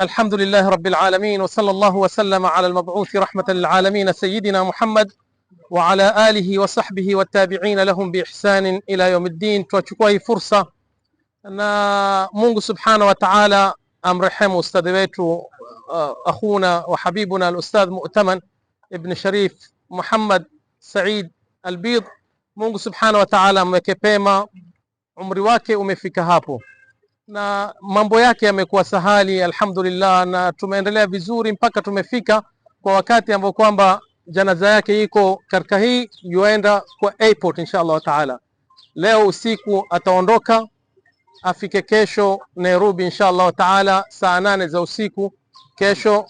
الحمد لله رب العالمين وصلى الله وسلم على المبعوث رحمة للعالمين سيدنا محمد وعلى آله وصحبه والتابعين لهم بإحسان إلى يوم الدين توشكوه فرصة أن مونغ سبحانه وتعالى أمرحم أستاذ بيتو أخونا وحبيبنا الأستاذ مؤتمن ابن شريف محمد سعيد البيض مونغ سبحانه وتعالى مكبيما عمري واكي ومفكهابو na mambo yake yamekuwa sahali alhamdulillah, na tumeendelea vizuri mpaka tumefika kwa wakati ambao kwamba janaza yake iko katika hii yuenda kwa airport insha Allah taala. Leo usiku ataondoka afike kesho Nairobi insha Allah taala saa nane za usiku kesho,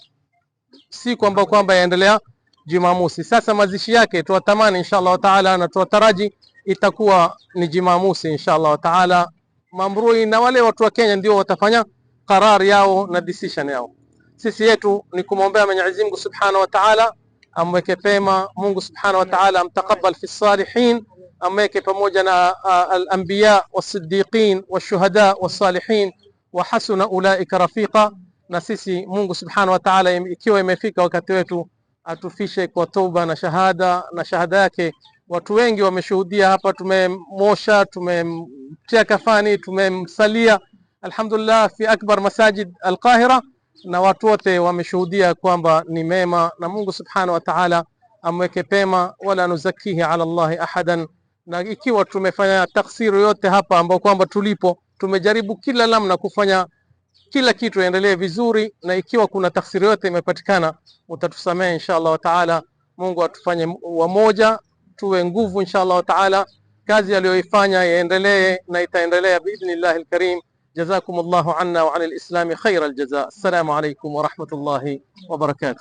siku ambayo kwamba yaendelea Jumamosi. Sasa mazishi yake tuwatamani insha Allah taala na tuwataraji itakuwa ni Jumamosi insha Allah taala. Mambrui na wale watu wa Kenya ndio watafanya karar yao na decision yao. Sisi yetu ni kumwombea Mwenyezi Mungu Subhanahu wa Ta'ala amweke pema, Mungu Subhanahu wa Ta'ala amtakabbal fi salihin, amweke pamoja na al-anbiya was-siddiqin wash-shuhada was-salihin wa hasuna ulaika rafiqa. Na sisi Mungu Subhanahu wa Ta'ala, ikiwa imefika wakati wetu atufishe kwa toba na shahada na shahada yake. Watu wengi wameshuhudia hapa, tumemosha tume tumemtia kafani, tumemsalia alhamdulillah fi akbar masajid Alqahira, na watu wote wameshuhudia kwamba ni mema, na Mungu subhanahu wa ta'ala amweke pema, wala nuzakihi ala Allahi ahadan. Na ikiwa tumefanya taksiri yote hapa ambao kwamba tulipo tumejaribu kila namna kufanya kila kitu endelee vizuri, na ikiwa kuna taksiri yote imepatikana, utatusamehe insha Allah taala. Mungu atufanye wamoja, tuwe nguvu insha Allah taala. kazi aliyoifanya yaendelee na itaendelea biidhnillahi lkarim. Jazakum llahu anna wa an lislami khaira aljaza. Assalamu alaikum warahmatullahi wabarakatuh.